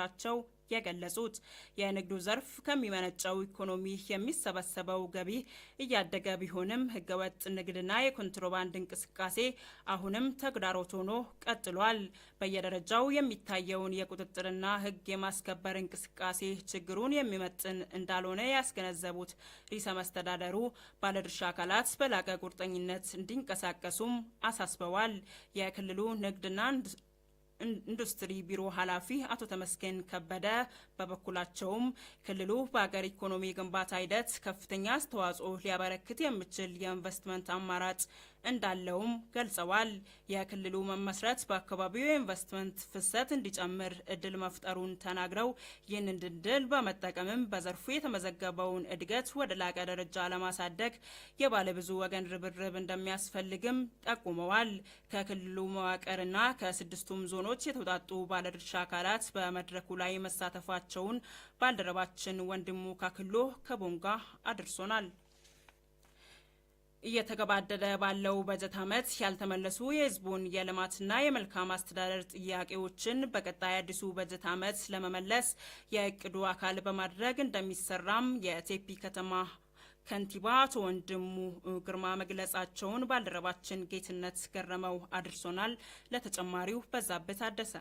ራቸው የገለጹት የንግዱ ዘርፍ ከሚመነጨው ኢኮኖሚ የሚሰበሰበው ገቢ እያደገ ቢሆንም ህገወጥ ንግድና የኮንትሮባንድ እንቅስቃሴ አሁንም ተግዳሮት ሆኖ ቀጥሏል። በየደረጃው የሚታየውን የቁጥጥርና ህግ የማስከበር እንቅስቃሴ ችግሩን የሚመጥን እንዳልሆነ ያስገነዘቡት ርዕሰ መስተዳደሩ ባለድርሻ አካላት በላቀ ቁርጠኝነት እንዲንቀሳቀሱም አሳስበዋል። የክልሉ ንግድና ኢንዱስትሪ ቢሮ ኃላፊ አቶ ተመስገን ከበደ በበኩላቸውም ክልሉ በሀገር ኢኮኖሚ ግንባታ ሂደት ከፍተኛ አስተዋጽኦ ሊያበረክት የሚችል የኢንቨስትመንት አማራጭ እንዳለውም ገልጸዋል። የክልሉ መመስረት በአካባቢው የኢንቨስትመንት ፍሰት እንዲጨምር እድል መፍጠሩን ተናግረው ይህንን እድል በመጠቀምም በዘርፉ የተመዘገበውን እድገት ወደ ላቀ ደረጃ ለማሳደግ የባለብዙ ወገን ርብርብ እንደሚያስፈልግም ጠቁመዋል። ከክልሉ መዋቅርና ከስድስቱም ዞኖች የተውጣጡ ባለድርሻ አካላት በመድረኩ ላይ መሳተፋቸውን ባልደረባችን ወንድሙ ካክሎ ከቦንጋ አድርሶናል። እየተገባደደ ባለው በጀት ዓመት ያልተመለሱ የሕዝቡን የልማትና የመልካም አስተዳደር ጥያቄዎችን በቀጣይ አዲሱ በጀት ዓመት ለመመለስ የእቅዱ አካል በማድረግ እንደሚሰራም የቴፒ ከተማ ከንቲባ አቶ ወንድሙ ግርማ መግለጻቸውን ባልደረባችን ጌትነት ገረመው አድርሶናል። ለተጨማሪው በዛብህ ታደሰ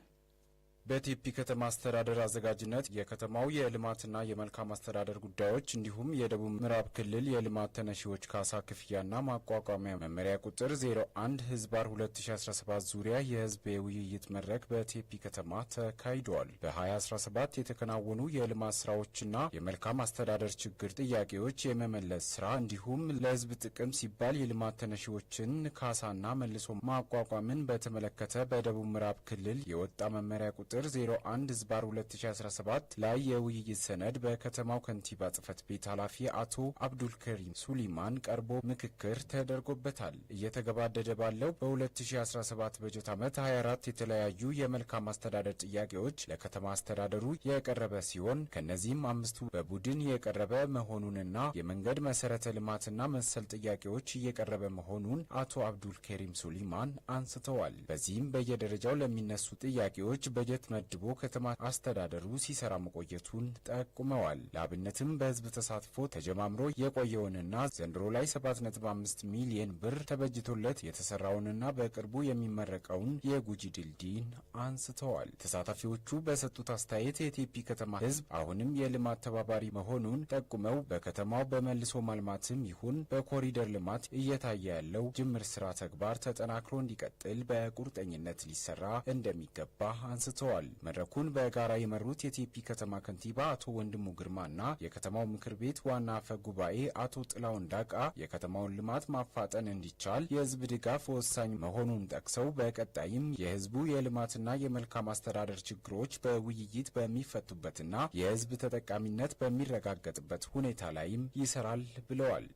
በቴፒ ከተማ አስተዳደር አዘጋጅነት የከተማው የልማትና የመልካም አስተዳደር ጉዳዮች እንዲሁም የደቡብ ምዕራብ ክልል የልማት ተነሺዎች ካሳ ክፍያና ማቋቋሚያ መመሪያ ቁጥር 01 ህዝባር 2017 ዙሪያ የህዝብ የውይይት መድረክ በቴፒ ከተማ ተካሂደዋል። በ2017 የተከናወኑ የልማት ስራዎችና የመልካም አስተዳደር ችግር ጥያቄዎች የመመለስ ስራ እንዲሁም ለህዝብ ጥቅም ሲባል የልማት ተነሺዎችን ካሳና መልሶ ማቋቋምን በተመለከተ በደቡብ ምዕራብ ክልል የወጣ መመሪያ ቁጥር ቁጥር 01 ዝባር 2017 ላይ የውይይት ሰነድ በከተማው ከንቲባ ጽህፈት ቤት ኃላፊ አቶ አብዱልከሪም ሱሊማን ቀርቦ ምክክር ተደርጎበታል። እየተገባደደ ባለው በ2017 በጀት ዓመት 24 የተለያዩ የመልካም አስተዳደር ጥያቄዎች ለከተማ አስተዳደሩ የቀረበ ሲሆን ከእነዚህም አምስቱ በቡድን የቀረበ መሆኑንና የመንገድ መሰረተ ልማትና መሰል ጥያቄዎች እየቀረበ መሆኑን አቶ አብዱልከሪም ሱሊማን አንስተዋል። በዚህም በየደረጃው ለሚነሱ ጥያቄዎች በጀት በጀት መድቦ ከተማ አስተዳደሩ ሲሰራ መቆየቱን ጠቁመዋል። ለአብነትም በህዝብ ተሳትፎ ተጀማምሮ የቆየውንና ዘንድሮ ላይ 7.5 ሚሊየን ብር ተበጅቶለት የተሰራውንና በቅርቡ የሚመረቀውን የጉጂ ድልድይን አንስተዋል። ተሳታፊዎቹ በሰጡት አስተያየት የቴፒ ከተማ ህዝብ አሁንም የልማት ተባባሪ መሆኑን ጠቁመው በከተማው በመልሶ ማልማትም ይሁን በኮሪደር ልማት እየታየ ያለው ጅምር ስራ ተግባር ተጠናክሮ እንዲቀጥል በቁርጠኝነት ሊሰራ እንደሚገባ አንስተዋል። ተናግረዋል። መድረኩን በጋራ የመሩት የቴፒ ከተማ ከንቲባ አቶ ወንድሙ ግርማ እና የከተማው ምክር ቤት ዋና አፈ ጉባኤ አቶ ጥላውን ዳቃ የከተማውን ልማት ማፋጠን እንዲቻል የህዝብ ድጋፍ ወሳኝ መሆኑን ጠቅሰው በቀጣይም የህዝቡ የልማትና የመልካም አስተዳደር ችግሮች በውይይት በሚፈቱበትና የህዝብ ተጠቃሚነት በሚረጋገጥበት ሁኔታ ላይም ይሰራል ብለዋል።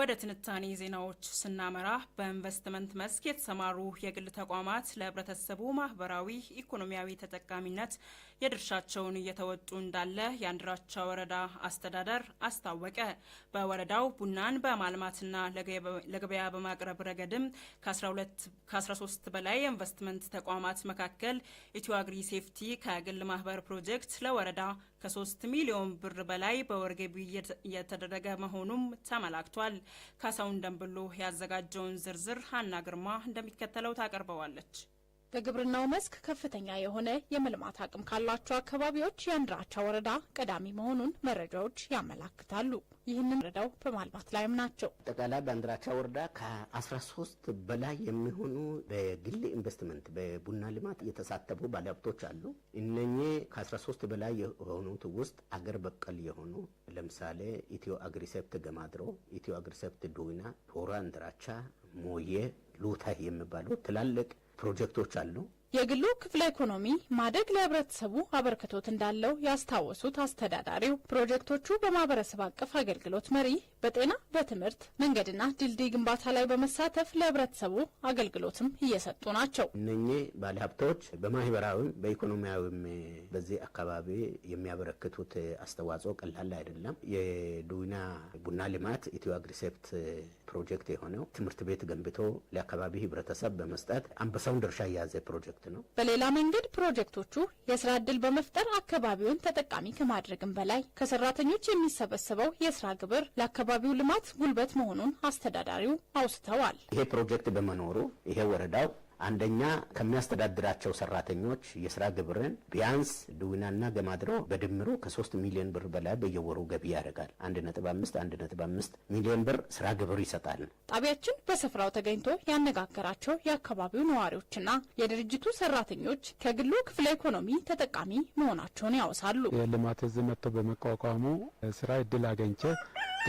ወደ ትንታኔ ዜናዎች ስናመራ በኢንቨስትመንት መስክ የተሰማሩ የግል ተቋማት ለህብረተሰቡ ማህበራዊ ኢኮኖሚያዊ ተጠቃሚነት የድርሻቸውን እየተወጡ እንዳለ የአንድራቻ ወረዳ አስተዳደር አስታወቀ። በወረዳው ቡናን በማልማትና ለገበያ በማቅረብ ረገድም ከ13 በላይ የኢንቨስትመንት ተቋማት መካከል ኢትዮ አግሪ ሴፍቲ ከግል ማህበር ፕሮጀክት ለወረዳ ከ3 ሚሊዮን ብር በላይ በወር ገቢ እየተደረገ መሆኑም ተመላክቷል። ካሳውን ደንብሎ ያዘጋጀውን ዝርዝር ሀና ግርማ እንደሚከተለው ታቀርበዋለች። በግብርናው መስክ ከፍተኛ የሆነ የመልማት አቅም ካላቸው አካባቢዎች የአንድራቻ ወረዳ ቀዳሚ መሆኑን መረጃዎች ያመላክታሉ። ይህንን ወረዳው በማልማት ላይም ናቸው። አጠቃላይ በአንድራቻ ወረዳ ከ13 በላይ የሚሆኑ በግል ኢንቨስትመንት በቡና ልማት የተሳተፉ ባለሀብቶች አሉ። እነኚህ ከ13 በላይ የሆኑት ውስጥ አገር በቀል የሆኑ ለምሳሌ ኢትዮ አግሪሴፕት ገማድሮ፣ ኢትዮ አግሪሴፕት ዱይና፣ ቶራ አንድራቻ፣ ሞዬ፣ ሉተህ የሚባሉ ትላልቅ ፕሮጀክቶች አሉ የግሉ ክፍለ ኢኮኖሚ ማደግ ለህብረተሰቡ አበርክቶት እንዳለው ያስታወሱት አስተዳዳሪው ፕሮጀክቶቹ በማህበረሰብ አቀፍ አገልግሎት መሪ፣ በጤና በትምህርት መንገድና ድልድይ ግንባታ ላይ በመሳተፍ ለህብረተሰቡ አገልግሎትም እየሰጡ ናቸው። እነኚህ ባለሀብቶች በማህበራዊም በኢኮኖሚያዊም በዚህ አካባቢ የሚያበረክቱት አስተዋጽኦ ቀላል አይደለም። የዱና ቡና ልማት ኢትዮ አግሪሴፕት ፕሮጀክት የሆነው ትምህርት ቤት ገንብቶ ለአካባቢ ህብረተሰብ በመስጠት አንበሳውን ድርሻ የያዘ ፕሮጀክት ፕሮጀክት ነው። በሌላ መንገድ ፕሮጀክቶቹ የስራ እድል በመፍጠር አካባቢውን ተጠቃሚ ከማድረግም በላይ ከሰራተኞች የሚሰበሰበው የስራ ግብር ለአካባቢው ልማት ጉልበት መሆኑን አስተዳዳሪው አውስተዋል። ይሄ ፕሮጀክት በመኖሩ ይሄ ወረዳው አንደኛ ከሚያስተዳድራቸው ሰራተኞች የስራ ግብርን ቢያንስ ድዊናና ገማድሮ በድምሩ ከሶስት ሚሊዮን ብር በላይ በየወሩ ገቢ ያደርጋል። አንድ ነጥብ አምስት አንድ ነጥብ አምስት ሚሊዮን ብር ስራ ግብር ይሰጣል። ጣቢያችን በስፍራው ተገኝቶ ያነጋገራቸው የአካባቢው ነዋሪዎችና የድርጅቱ ሰራተኞች ከግሉ ክፍለ ኢኮኖሚ ተጠቃሚ መሆናቸውን ያወሳሉ። የልማት ህዝብ መጥቶ በመቋቋሙ ስራ እድል አገኝቼ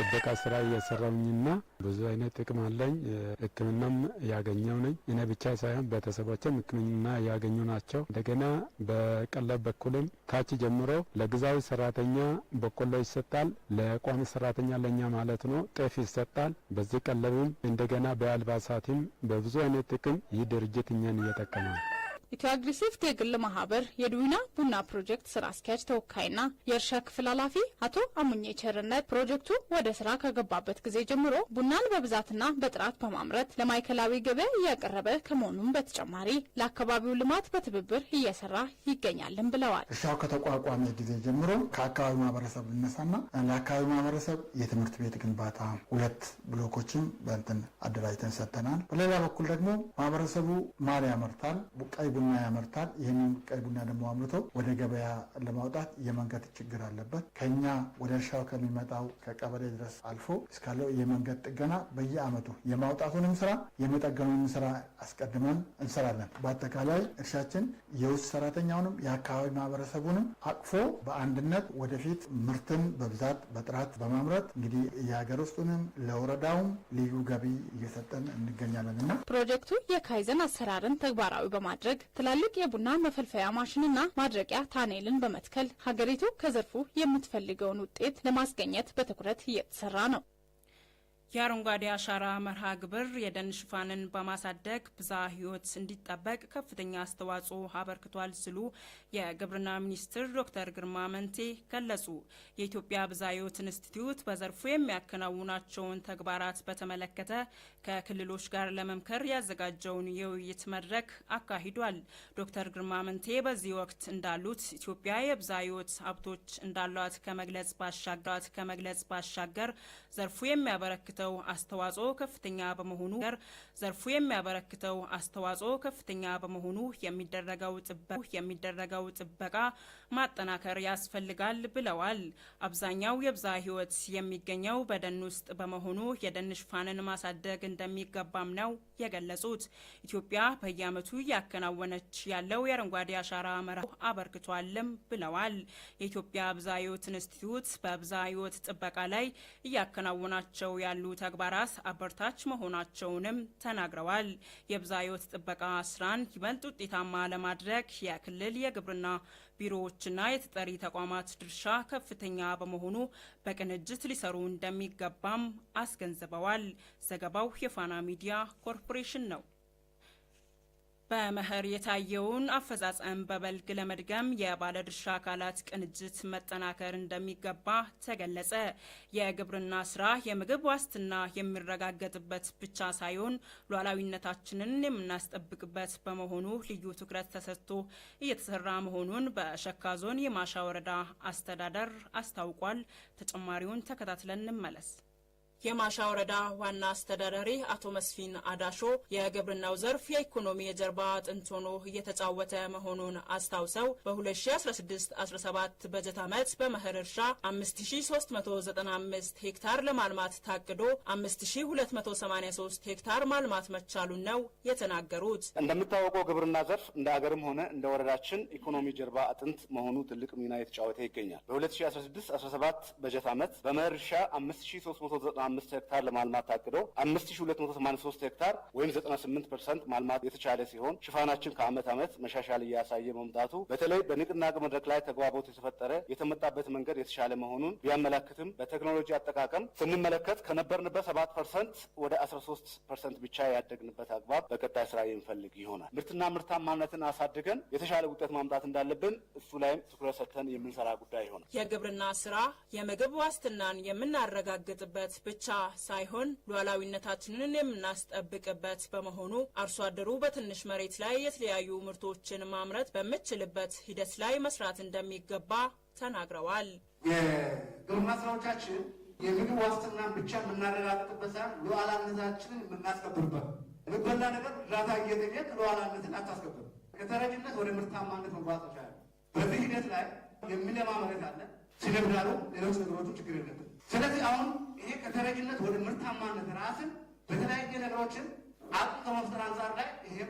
ጥበቃ ስራ እየሰራውኝና ብዙ አይነት ጥቅም አለኝ። ሕክምናም ያገኘው ነኝ። እኔ ብቻ ሳይሆን ቤተሰቦችም ሕክምና ያገኙ ናቸው። እንደገና በቀለብ በኩልም ታች ጀምሮ ለግዛዊ ሰራተኛ በቆሎ ይሰጣል። ለቋሚ ሰራተኛ ለኛ ማለት ነው ጤፍ ይሰጣል። በዚህ ቀለብም እንደገና በአልባሳትም በብዙ አይነት ጥቅም ይህ ድርጅት እኛን እየጠቀመ ነው። ኢትዮ አግሪሲቭ የግል ማህበር የድዊና ቡና ፕሮጀክት ስራ አስኪያጅ ተወካይና የእርሻ ክፍል ኃላፊ አቶ አሙኜ ቸርነት ፕሮጀክቱ ወደ ስራ ከገባበት ጊዜ ጀምሮ ቡናን በብዛትና በጥራት በማምረት ለማዕከላዊ ገበያ እያቀረበ ከመሆኑም በተጨማሪ ለአካባቢው ልማት በትብብር እየሰራ ይገኛልን ብለዋል። እርሻው ከተቋቋመ ጊዜ ጀምሮ ከአካባቢው ማህበረሰብ ልነሳና ለአካባቢው ማህበረሰብ የትምህርት ቤት ግንባታ ሁለት ብሎኮችን በንትን አደራጅተን ሰጥተናል። በሌላ በኩል ደግሞ ማህበረሰቡ ማር ያመርታል። ቀይ ቡና ያመርታል። ይህንን ቀይ ቡና ደግሞ አምርተው ወደ ገበያ ለማውጣት የመንገድ ችግር አለበት። ከኛ ወደ እርሻው ከሚመጣው ከቀበሌ ድረስ አልፎ እስካለው የመንገድ ጥገና በየአመቱ የማውጣቱንም ስራ የመጠገኑንም ስራ አስቀድመን እንሰራለን። በአጠቃላይ እርሻችን የውስጥ ሰራተኛውንም የአካባቢ ማህበረሰቡንም አቅፎ በአንድነት ወደፊት ምርትን በብዛት በጥራት በማምረት እንግዲህ የሀገር ውስጡንም ለወረዳውም ልዩ ገቢ እየሰጠን እንገኛለን እና ፕሮጀክቱ የካይዘን አሰራርን ተግባራዊ በማድረግ ትላልቅ የቡና መፈልፈያ ማሽንና ማድረቂያ ታኔልን በመትከል ሀገሪቱ ከዘርፉ የምትፈልገውን ውጤት ለማስገኘት በትኩረት እየተሰራ ነው። የአረንጓዴ አሻራ መርሃ ግብር የደን ሽፋንን በማሳደግ ብዝሃ ሕይወት እንዲጠበቅ ከፍተኛ አስተዋጽኦ አበርክቷል ሲሉ የግብርና ሚኒስትር ዶክተር ግርማ መንቴ ገለጹ። የኢትዮጵያ ብዝሃ ሕይወት ኢንስቲትዩት በዘርፉ የሚያከናውናቸውን ተግባራት በተመለከተ ከክልሎች ጋር ለመምከር ያዘጋጀውን የውይይት መድረክ አካሂዷል። ዶክተር ግርማ መንቴ በዚህ ወቅት እንዳሉት ኢትዮጵያ የብዝሃ ሕይወት ሀብቶች እንዳሏት ከመግለጽ ባሻገሯት ከመግለጽ ባሻገር ዘርፉ የሚያበረክተው አስተዋጽኦ ከፍተኛ በመሆኑ ዘርፉ የሚያበረክተው አስተዋጽኦ ከፍተኛ በመሆኑ የሚደረገው ጥበቃ የሚደረገው ጥበቃ ማጠናከር ያስፈልጋል ብለዋል። አብዛኛው የብዝሃ ሕይወት የሚገኘው በደን ውስጥ በመሆኑ የደን ሽፋንን ማሳደግ እንደሚገባም ነው የገለጹት። ኢትዮጵያ በየዓመቱ እያከናወነች ያለው የአረንጓዴ አሻራ መርሃ አበርክቷልም ብለዋል። የኢትዮጵያ ብዝሃ ሕይወት ኢንስቲትዩት በብዝሃ ሕይወት ጥበቃ ላይ እያከናወናቸው ያሉ ተግባራት አበርታች መሆናቸውንም ተናግረዋል። የብዝሃ ሕይወት ጥበቃ ስራን ይበልጥ ውጤታማ ለማድረግ የክልል የግብርና ቢሮዎችና የተጠሪ ተቋማት ድርሻ ከፍተኛ በመሆኑ በቅንጅት ሊሰሩ እንደሚገባም አስገንዝበዋል። ዘገባው የፋና ሚዲያ ኮርፖሬሽን ነው። በመኸር የታየውን አፈጻጸም በበልግ ለመድገም የባለድርሻ አካላት ቅንጅት መጠናከር እንደሚገባ ተገለጸ። የግብርና ስራ የምግብ ዋስትና የሚረጋገጥበት ብቻ ሳይሆን ሉዓላዊነታችንን የምናስጠብቅበት በመሆኑ ልዩ ትኩረት ተሰጥቶ እየተሰራ መሆኑን በሸካ ዞን የማሻ ወረዳ አስተዳደር አስታውቋል። ተጨማሪውን ተከታትለን እንመለስ። የማሻ ወረዳ ዋና አስተዳዳሪ አቶ መስፊን አዳሾ የግብርናው ዘርፍ የኢኮኖሚ የጀርባ አጥንት ሆኖ እየተጫወተ መሆኑን አስታውሰው በ2016/17 በጀት ዓመት በመኸር እርሻ 5395 ሄክታር ለማልማት ታቅዶ 5283 ሄክታር ማልማት መቻሉን ነው የተናገሩት። እንደሚታወቀው ግብርና ዘርፍ እንደ አገርም ሆነ እንደ ወረዳችን ኢኮኖሚ ጀርባ አጥንት መሆኑ ትልቅ ሚና የተጫወተ ይገኛል። በ2016/17 በጀት ዓመት በመኸር እርሻ 5395 አምስት ሄክታር ለማልማት ታቅዶ አምስት ሺ ሁለት መቶ ሰማንያ ሶስት ሄክታር ወይም ዘጠና ስምንት ፐርሰንት ማልማት የተቻለ ሲሆን ሽፋናችን ከአመት አመት መሻሻል እያሳየ መምጣቱ በተለይ በንቅናቄ መድረክ ላይ ተግባቦት የተፈጠረ የተመጣበት መንገድ የተሻለ መሆኑን ቢያመላክትም በቴክኖሎጂ አጠቃቀም ስንመለከት ከነበርንበት ሰባት ፐርሰንት ወደ አስራ ሶስት ፐርሰንት ብቻ ያደግንበት አግባብ በቀጣይ ስራ የሚፈልግ ይሆናል። ምርትና ምርታማነትን አሳድገን የተሻለ ውጤት ማምጣት እንዳለብን እሱ ላይም ትኩረት ሰጥተን የምንሰራ ጉዳይ ይሆናል። የግብርና ስራ የምግብ ዋስትናን የምናረጋግጥበት ብቻ ብቻ ሳይሆን ሉዓላዊነታችንን የምናስጠብቅበት በመሆኑ አርሶ አደሩ በትንሽ መሬት ላይ የተለያዩ ምርቶችን ማምረት በምችልበት ሂደት ላይ መስራት እንደሚገባ ተናግረዋል። የግብርና ስራዎቻችን የምግብ ዋስትናን ብቻ የምናረጋግጥበት ሳይሆን ሉዓላዊነታችንን የምናስከብርበት የሚበላ ነገር እርዳታ እየተገኘ ሉዓላዊነትን አታስከብር ከተረጅነት ወደ ምርታማነት መጓዝ ይቻላል። በዚህ ሂደት ላይ የሚለማ መሬት አለ ሲለምዳሉ ሌሎች ነገሮቹ ችግር የለብን ስለዚህ አሁን ይሄ ከተረጅነት ወደ ምርታማነት ራስን በተለያየ ነገሮችን አቅም ከመፍጠር አንጻር ላይ ይሄም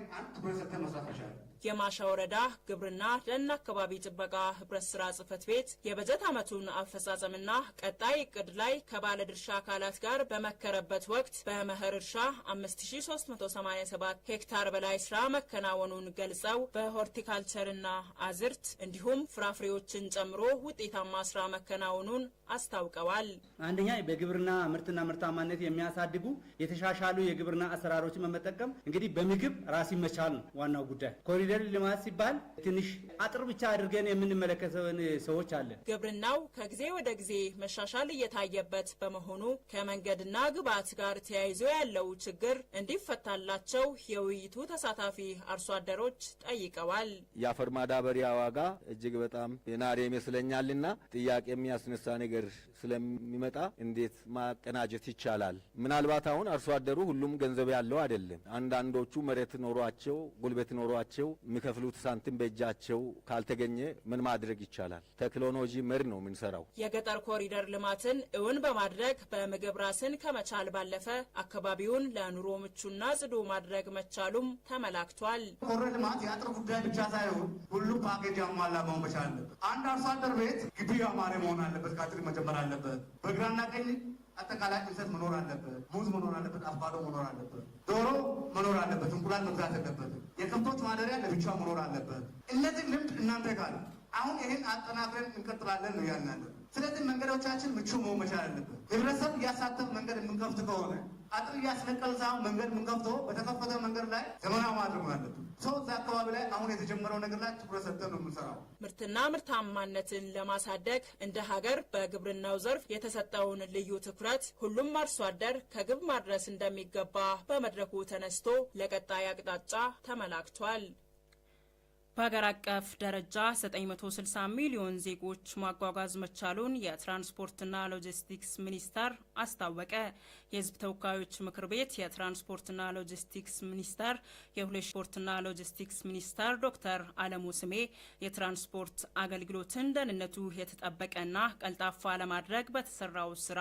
የማሻ ወረዳ ግብርና ደንና አካባቢ ጥበቃ ህብረት ስራ ጽህፈት ቤት የበጀት ዓመቱን አፈጻጸምና ቀጣይ እቅድ ላይ ከባለድርሻ አካላት ጋር በመከረበት ወቅት በመኸር እርሻ 5387 ሄክታር በላይ ስራ መከናወኑን ገልጸው በሆርቲካልቸርና አዝርት እንዲሁም ፍራፍሬዎችን ጨምሮ ውጤታማ ስራ መከናወኑን አስታውቀዋል። አንደኛ በግብርና ምርትና ምርታማነት የሚያሳድጉ የተሻሻሉ የግብርና አሰራሮችን በመጠቀም እንግዲህ በምግብ ራሲ መቻል ነው ዋናው ጉዳይ የኮሪደር ልማት ሲባል ትንሽ አጥር ብቻ አድርገን የምንመለከተውን ሰዎች አለ። ግብርናው ከጊዜ ወደ ጊዜ መሻሻል እየታየበት በመሆኑ ከመንገድና ግብዓት ጋር ተያይዞ ያለው ችግር እንዲፈታላቸው የውይይቱ ተሳታፊ አርሶ አደሮች ጠይቀዋል። የአፈር ማዳበሪያ ዋጋ እጅግ በጣም የናሪ ይመስለኛልና ጥያቄ የሚያስነሳ ነገር ስለሚመጣ እንዴት ማቀናጀት ይቻላል? ምናልባት አሁን አርሶ አደሩ ሁሉም ገንዘብ ያለው አይደለም። አንዳንዶቹ መሬት ኖሯቸው ጉልበት ኖሯቸው የሚከፍሉት ሳንቲም በእጃቸው ካልተገኘ ምን ማድረግ ይቻላል? ቴክኖሎጂ መር ነው የምንሰራው። የገጠር ኮሪደር ልማትን እውን በማድረግ በምግብ ራስን ከመቻል ባለፈ አካባቢውን ለኑሮ ምቹና ጽዱ ማድረግ መቻሉም ተመላክቷል። ኮሪደር ልማት የአጥር ጉዳይ ብቻ ሳይሆን ሁሉም ፓኬጅ ያሟላ መሆን መቻል አለበት። አንድ አርሶ አደር ቤት ግቢ ያማረ መሆን አለበት። ከአጥር መጀመር አለበት። አለበት። በግራና ቀኝ አጠቃላይ እንሰት መኖር አለበት። ሙዝ መኖር አለበት። አባዶ መኖር አለበት። ዶሮ መኖር አለበት። እንቁላል መግዛት አለበት። የከብቶች ማደሪያ ለብቻ መኖር አለበት። እነዚህ ልምድ እናንተ ጋር አሁን ይህን አጠናክረን እንቀጥላለን ነው ያልናለን። ስለዚህ መንገዶቻችን ምቹ መሆን መቻል አለብን። ህብረተሰብ እያሳተፍ መንገድ የምንከፍት ከሆነ አጥር እያስነቀል ሳይሆን መንገድ የምንከፍቶ በተከፈተ መንገድ ላይ ዘመናዊ ማድረግ አለብን። ሰው እዛ አካባቢ ላይ አሁን የተጀመረው ነገር ላይ ትኩረት ሰጥተን ነው የምንሰራው። ምርትና ምርታማነትን ለማሳደግ እንደ ሀገር በግብርናው ዘርፍ የተሰጠውን ልዩ ትኩረት ሁሉም አርሶ አደር ከግብ ማድረስ እንደሚገባ በመድረኩ ተነስቶ ለቀጣይ አቅጣጫ ተመላክቷል። በሀገር አቀፍ ደረጃ 960 ሚሊዮን ዜጎች ማጓጓዝ መቻሉን የትራንስፖርትና ሎጂስቲክስ ሚኒስቴር አስታወቀ። የሕዝብ ተወካዮች ምክር ቤት የትራንስፖርትና ሎጂስቲክስ ሚኒስቴር የትራንስፖርትና ሎጂስቲክስ ሚኒስቴር ዶክተር አለሙ ስሜ የትራንስፖርት አገልግሎትን ደህንነቱ የተጠበቀና ቀልጣፋ ለማድረግ በተሰራው ስራ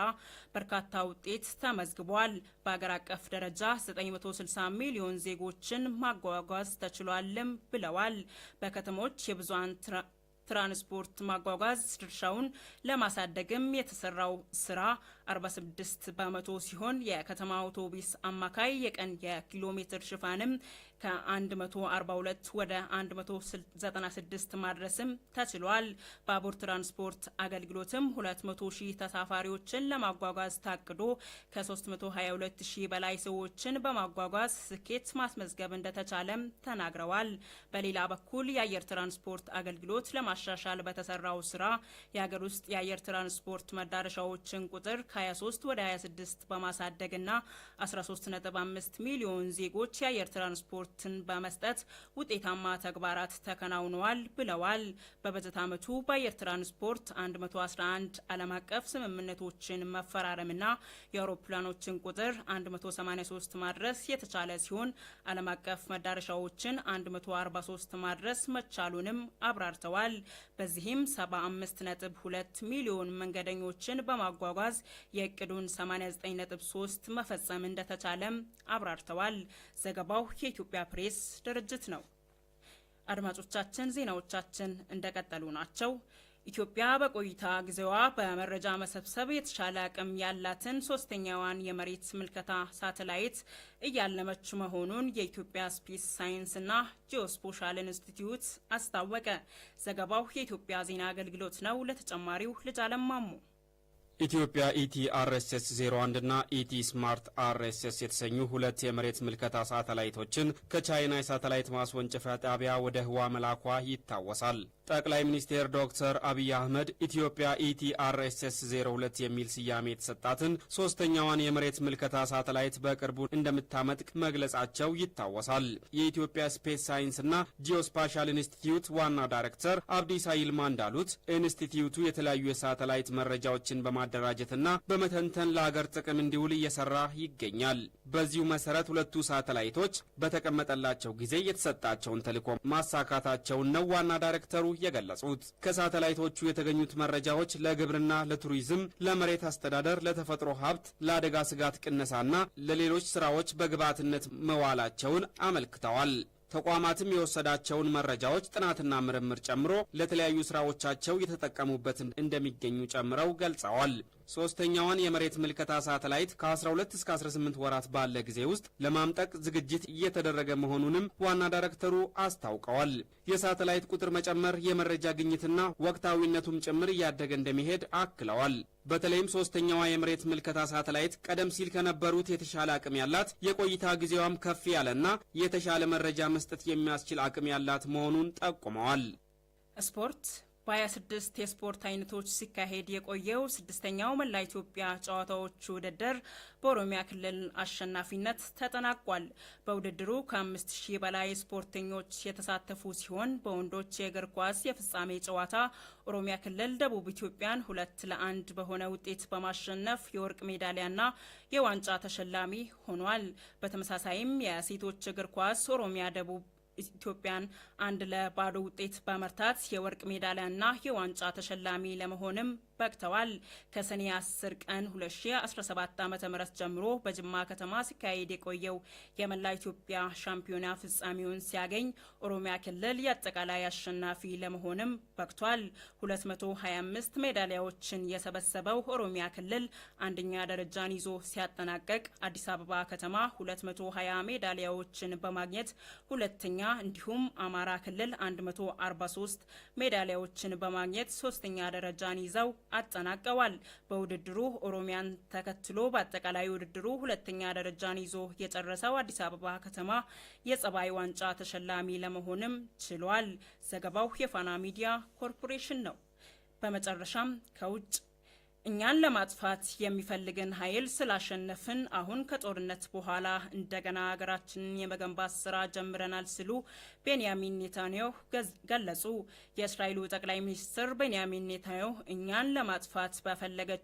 በርካታ ውጤት ተመዝግቧል። በሀገር አቀፍ ደረጃ 960 ሚሊዮን ዜጎችን ማጓጓዝ ተችሏልም ብለዋል። በከተሞች የብዙሃን ትራንስፖርት ማጓጓዝ ድርሻውን ለማሳደግም የተሰራው ስራ 46 በመቶ ሲሆን የከተማ አውቶቡስ አማካይ የቀን የኪሎ ሜትር ሽፋንም ከ142 ወደ 196 ማድረስም ተችሏል። ባቡር ትራንስፖርት አገልግሎትም 200 ሺህ ተሳፋሪዎችን ለማጓጓዝ ታቅዶ ከ322 ሺህ በላይ ሰዎችን በማጓጓዝ ስኬት ማስመዝገብ እንደተቻለም ተናግረዋል። በሌላ በኩል የአየር ትራንስፖርት አገልግሎት ለማሻሻል በተሰራው ስራ የሀገር ውስጥ የአየር ትራንስፖርት መዳረሻዎችን ቁጥር ከ23 ወደ 26 በማሳደግና 13.5 ሚሊዮን ዜጎች የአየር ትራንስፖርት አቅርቦትን በመስጠት ውጤታማ ተግባራት ተከናውነዋል ብለዋል። በበጀት ዓመቱ በአየር ትራንስፖርት 111 ዓለም አቀፍ ስምምነቶችን መፈራረምና የአውሮፕላኖችን ቁጥር 183 ማድረስ የተቻለ ሲሆን ዓለም አቀፍ መዳረሻዎችን 143 ማድረስ መቻሉንም አብራርተዋል። በዚህም 75.2 ሚሊዮን መንገደኞችን በማጓጓዝ የእቅዱን 89.3 መፈጸም እንደተቻለም አብራርተዋል። ዘገባው የኢትዮጵያ ፕሬስ ድርጅት ነው። አድማጮቻችን ዜናዎቻችን እንደቀጠሉ ናቸው። ኢትዮጵያ በቆይታ ጊዜዋ በመረጃ መሰብሰብ የተሻለ አቅም ያላትን ሶስተኛዋን የመሬት ምልከታ ሳተላይት እያለመች መሆኑን የኢትዮጵያ ስፔስ ሳይንስና ጂኦስፖሻል ኢንስቲትዩት አስታወቀ። ዘገባው የኢትዮጵያ ዜና አገልግሎት ነው። ለተጨማሪው ልጅ አለማሙ ኢትዮጵያ ኢቲ አርኤስኤስ 01 እና ኢቲ ስማርት አርኤስኤስ የተሰኙ ሁለት የመሬት ምልከታ ሳተላይቶችን ከቻይና የሳተላይት ማስወንጨፊያ ጣቢያ ወደ ህዋ መላኳ ይታወሳል። ጠቅላይ ሚኒስትር ዶክተር አብይ አህመድ ኢትዮጵያ ኢቲ አርኤስኤስ 02 የሚል ስያሜ የተሰጣትን ሶስተኛዋን የመሬት ምልከታ ሳተላይት በቅርቡ እንደምታመጥቅ መግለጻቸው ይታወሳል። የኢትዮጵያ ስፔስ ሳይንስና ጂኦስፓሻል ኢንስቲትዩት ዋና ዳይሬክተር አብዲሳ ይልማ እንዳሉት ኢንስቲትዩቱ የተለያዩ የሳተላይት መረጃዎችን በማ በማደራጀትና በመተንተን ለሀገር ጥቅም እንዲውል እየሰራ ይገኛል። በዚሁ መሰረት ሁለቱ ሳተላይቶች በተቀመጠላቸው ጊዜ የተሰጣቸውን ተልዕኮ ማሳካታቸውን ነው ዋና ዳይሬክተሩ የገለጹት። ከሳተላይቶቹ የተገኙት መረጃዎች ለግብርና፣ ለቱሪዝም፣ ለመሬት አስተዳደር፣ ለተፈጥሮ ሀብት፣ ለአደጋ ስጋት ቅነሳና ለሌሎች ስራዎች በግብዓትነት መዋላቸውን አመልክተዋል። ተቋማትም የወሰዳቸውን መረጃዎች ጥናትና ምርምር ጨምሮ ለተለያዩ ስራዎቻቸው የተጠቀሙበት እንደሚገኙ ጨምረው ገልጸዋል። ሶስተኛዋን የመሬት ምልከታ ሳተላይት ከ12 እስከ 18 ወራት ባለ ጊዜ ውስጥ ለማምጠቅ ዝግጅት እየተደረገ መሆኑንም ዋና ዳይሬክተሩ አስታውቀዋል። የሳተላይት ቁጥር መጨመር የመረጃ ግኝትና ወቅታዊነቱም ጭምር እያደገ እንደሚሄድ አክለዋል። በተለይም ሶስተኛዋ የመሬት ምልከታ ሳተላይት ቀደም ሲል ከነበሩት የተሻለ አቅም ያላት የቆይታ ጊዜዋም ከፍ ያለና የተሻለ መረጃ መስጠት የሚያስችል አቅም ያላት መሆኑን ጠቁመዋል። ስፖርት በ26 የስፖርት አይነቶች ሲካሄድ የቆየው ስድስተኛው መላ ኢትዮጵያ ጨዋታዎች ውድድር በኦሮሚያ ክልል አሸናፊነት ተጠናቋል። በውድድሩ ከ5000 በላይ ስፖርተኞች የተሳተፉ ሲሆን በወንዶች የእግር ኳስ የፍጻሜ ጨዋታ ኦሮሚያ ክልል ደቡብ ኢትዮጵያን ሁለት ለአንድ በሆነ ውጤት በማሸነፍ የወርቅ ሜዳሊያና የዋንጫ ተሸላሚ ሆኗል። በተመሳሳይም የሴቶች እግር ኳስ ኦሮሚያ ደቡብ ኢትዮጵያን አንድ ለባዶ ውጤት በመርታት የወርቅ ሜዳሊያና የዋንጫ ተሸላሚ ለመሆንም በግተዋል። ከሰኔ 10 ቀን 2017 ዓ ም ጀምሮ በጅማ ከተማ ሲካሄድ የቆየው የመላ ኢትዮጵያ ሻምፒዮና ፍጻሜውን ሲያገኝ ኦሮሚያ ክልል የአጠቃላይ አሸናፊ ለመሆንም በቅቷል። 225 ሜዳሊያዎችን የሰበሰበው ኦሮሚያ ክልል አንደኛ ደረጃን ይዞ ሲያጠናቀቅ፣ አዲስ አበባ ከተማ 220 ሜዳሊያዎችን በማግኘት ሁለተኛ፣ እንዲሁም አማራ ክልል 143 ሜዳሊያዎችን በማግኘት ሶስተኛ ደረጃን ይዘው አጠናቀዋል። በውድድሩ ኦሮሚያን ተከትሎ በአጠቃላይ ውድድሩ ሁለተኛ ደረጃን ይዞ የጨረሰው አዲስ አበባ ከተማ የጸባይ ዋንጫ ተሸላሚ ለመሆንም ችሏል። ዘገባው የፋና ሚዲያ ኮርፖሬሽን ነው። በመጨረሻም ከውጭ እኛን ለማጥፋት የሚፈልግን ኃይል ስላሸነፍን አሁን ከጦርነት በኋላ እንደገና ሀገራችንን የመገንባት ስራ ጀምረናል ሲሉ ቤንያሚን ኔታንያሁ ገለጹ። የእስራኤሉ ጠቅላይ ሚኒስትር ቤንያሚን ኔታንያሁ እኛን ለማጥፋት በፈለገችው